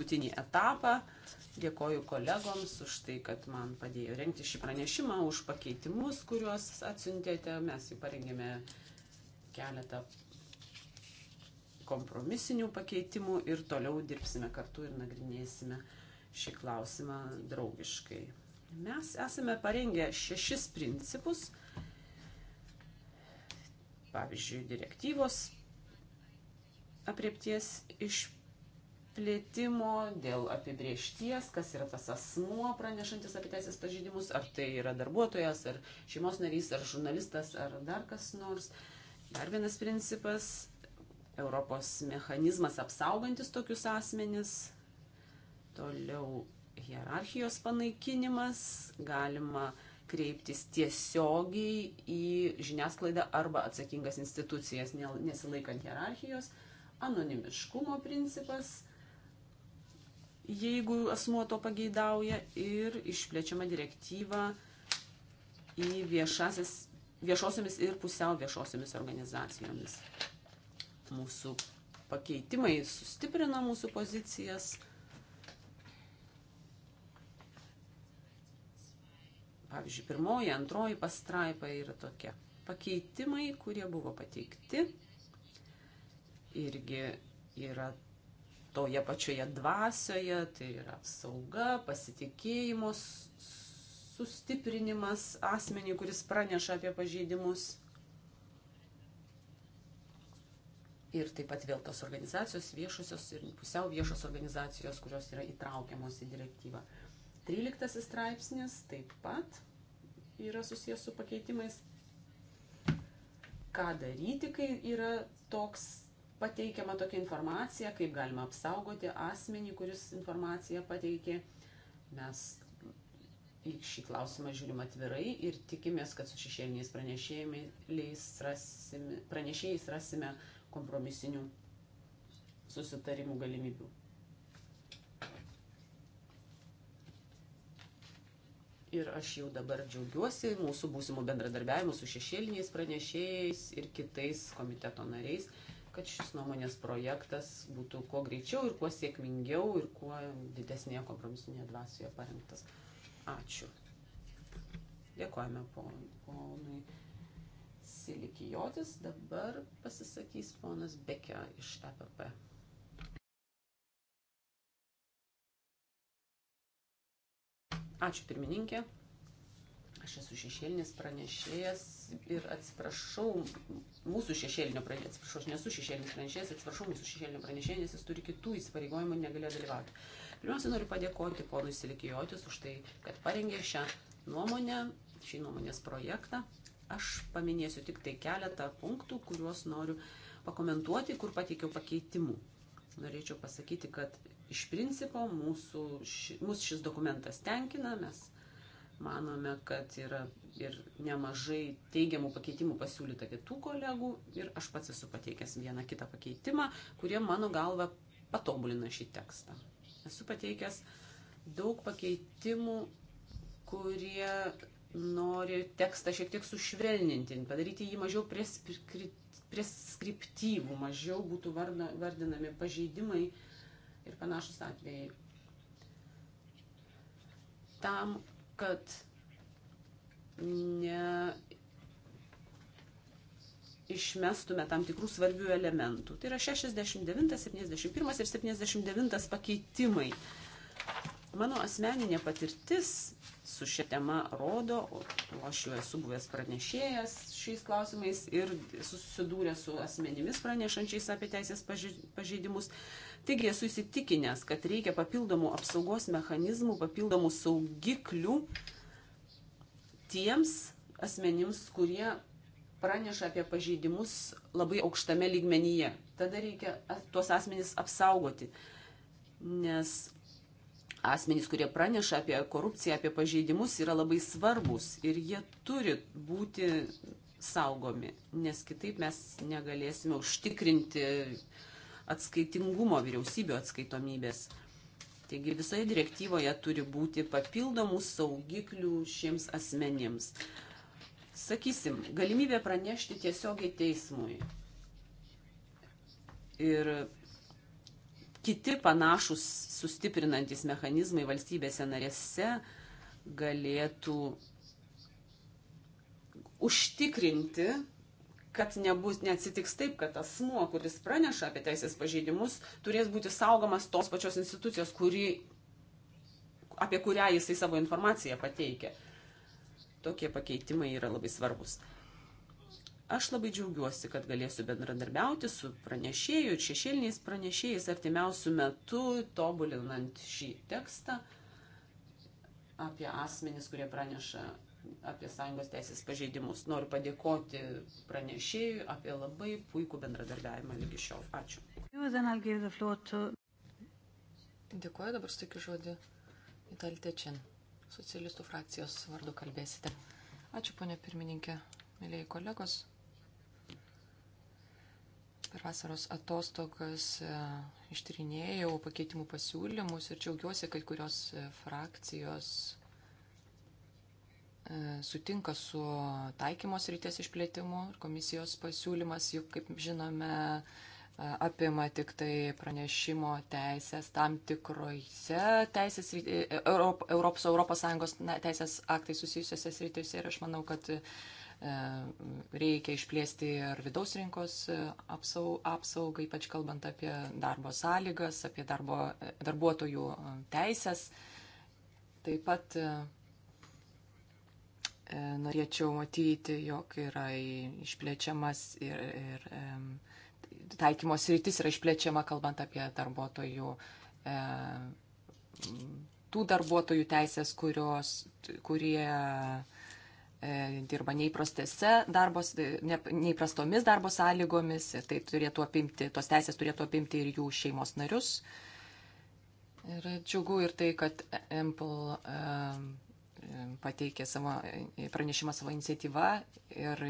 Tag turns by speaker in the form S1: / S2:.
S1: paskutinį etapą. Dėkoju kolegoms už tai, kad man padėjo renkti šį pranešimą, už pakeitimus, kuriuos atsiuntėte. Mes jį parengėme keletą kompromisinių pakeitimų ir toliau dirbsime kartu ir nagrinėsime šį klausimą draugiškai. Mes esame parengę šešis principus, pavyzdžiui, direktyvos apriepties iš plėtimo, dėl apibriešties, kas yra tas asmuo pranešantis apie teisės pažydimus, ar tai yra darbuotojas, ar šeimos narys, ar žurnalistas, ar dar kas nors. Dar vienas principas - Europos mechanizmas apsaugantis tokius asmenis. Toliau hierarchijos panaikinimas, galima kreiptis tiesiogiai į žiniasklaidą arba atsakingas institucijas, nesilaikant hierarchijos anonimiškumo principas, jeigu asmuo to pageidauja, ir išplečiama direktyva į viešasis, viešosiamis ir pusiau viešosiamis organizacijomis. Mūsų pakeitimai sustiprina mūsų pozicijas. Pavyzdžiui, pirmoji, antroji pastraipa yra tokia. Pakeitimai, kurie buvo pateikti, irgi yra toje pačioje dvasioje, tai yra apsauga, pasitikėjimus, sustiprinimas asmenį, kuris praneša apie pažeidimus. Ir taip pat vėl tos organizacijos, viešosios ir pusiau viešos organizacijos, kurios yra įtraukiamos į direktyvą. 13 straipsnis taip pat yra susijęs su pakeitimais. Ką daryti, kai yra toks pateikiama tokia informacija, kaip galima apsaugoti asmenį, kuris informaciją pateikė. Mes į šį klausimą žiūrim atvirai ir tikimės, kad su šešėliniais pranešėjais rasime kompromisinių susitarimų galimybių. Ir aš jau dabar džiaugiuosi mūsų būsimų bendradarbiavimų su šešėliniais pranešėjais ir kitais komiteto nariais kad šis nuomonės projektas būtų kuo greičiau ir kuo sėkmingiau ir kuo didesnėje kompromisinėje dvasioje parengtas. Ačiū. Dėkojame ponui Silikijotis. Dabar pasisakys ponas Bekė iš EPP. Ačiū pirmininkė. Aš esu šešėlinis pranešėjas ir atsiprašau mūsų šešėlinio pranešėjo, atsiprašau, aš nesu šešėlinis pranešėjas, atsiprašau mūsų šešėlinio pranešėjo, nes jis turi kitų įsipareigojimų ir negalėjo dalyvauti. Pirmiausia, noriu padėkoti ponui Silikijotis už tai, kad parengė šią nuomonę, šį nuomonės projektą. Aš paminėsiu tik tai keletą punktų, kuriuos noriu pakomentuoti, kur pateikiau pakeitimų. Norėčiau pasakyti, kad iš principo mūsų, ši, mūsų šis dokumentas tenkina, mes Manome, kad yra ir nemažai teigiamų pakeitimų pasiūlyta kitų kolegų ir aš pats esu pateikęs vieną kitą pakeitimą, kurie mano galva patobulina šį tekstą. Esu pateikęs daug pakeitimų, kurie nori tekstą šiek tiek sušvelninti, padaryti jį mažiau preskriptyvų, mažiau būtų vardinami pažeidimai ir panašus atvejai. Tam, kad ne išmestume tam tikrų svarbių elementų. Tai yra 69, 71 ir 79 pakeitimai. Mano asmeninė patirtis su šia tema rodo, o aš jau esu buvęs pranešėjas šiais klausimais ir susidūręs su asmenimis pranešančiais apie teisės pažeidimus, paži Taigi esu įsitikinęs, kad reikia papildomų apsaugos mechanizmų, papildomų saugiklių tiems asmenims, kurie praneša apie pažeidimus labai aukštame lygmenyje. Tada reikia tuos asmenys apsaugoti, nes asmenys, kurie praneša apie korupciją, apie pažeidimus, yra labai svarbus ir jie turi būti saugomi, nes kitaip mes negalėsime užtikrinti atskaitingumo, vyriausybių atskaitomybės. Taigi visoje direktyvoje turi būti papildomų saugiklių šiems asmenims. Sakysim, galimybė pranešti tiesiogiai teismui. Ir kiti panašus sustiprinantis mechanizmai valstybėse narėse galėtų užtikrinti kad nebus, neatsitiks taip, kad asmuo, kuris praneša apie teisės pažeidimus, turės būti saugomas tos pačios institucijos, kuri, apie kurią jisai savo informaciją pateikė. Tokie pakeitimai yra labai svarbus. Aš labai džiaugiuosi, kad galėsiu bendradarbiauti su pranešėju ir šešėliniais pranešėjais artimiausių metų, tobulinant šį tekstą apie asmenis, kurie praneša apie sąjungos teisės pažeidimus. Noriu padėkoti pranešėjui apie labai puikų bendradarbiavimą lygi šiol.
S2: Ačiū. Dėkuoju, dabar sutikiu žodį Italitė Čen. Socialistų frakcijos vardu kalbėsite. Ačiū, ponė pirmininkė, mėlyjei kolegos. Per vasaros atostogas e, ištyrinėjau pakeitimų pasiūlymus ir džiaugiuosi, kad kurios e, frakcijos E, sutinka su taikymos ryties išplėtimu ir komisijos pasiūlymas, juk, kaip žinome, e, apima tik tai pranešimo teisės tam tikrose teisės, e, Europos, Europos Sąjungos teisės aktai susijusiose srityse ir aš manau, kad reikia išplėsti ir vidaus rinkos apsaugą, ypač kalbant apie darbo sąlygas, apie darbo, darbuotojų teisės. Taip pat E, norėčiau matyti, jog yra išplečiamas ir, ir taikymos rytis yra išplečiama, kalbant apie darbuotojų, e, tų darbuotojų teisės, kurios, kurie e, dirba darbos, ne, neįprastomis darbo sąlygomis ir tai turėtų apimti, tos teisės turėtų apimti ir jų šeimos narius. Ir džiugu ir tai, kad Ample pateikė savo pranešimą savo iniciatyvą ir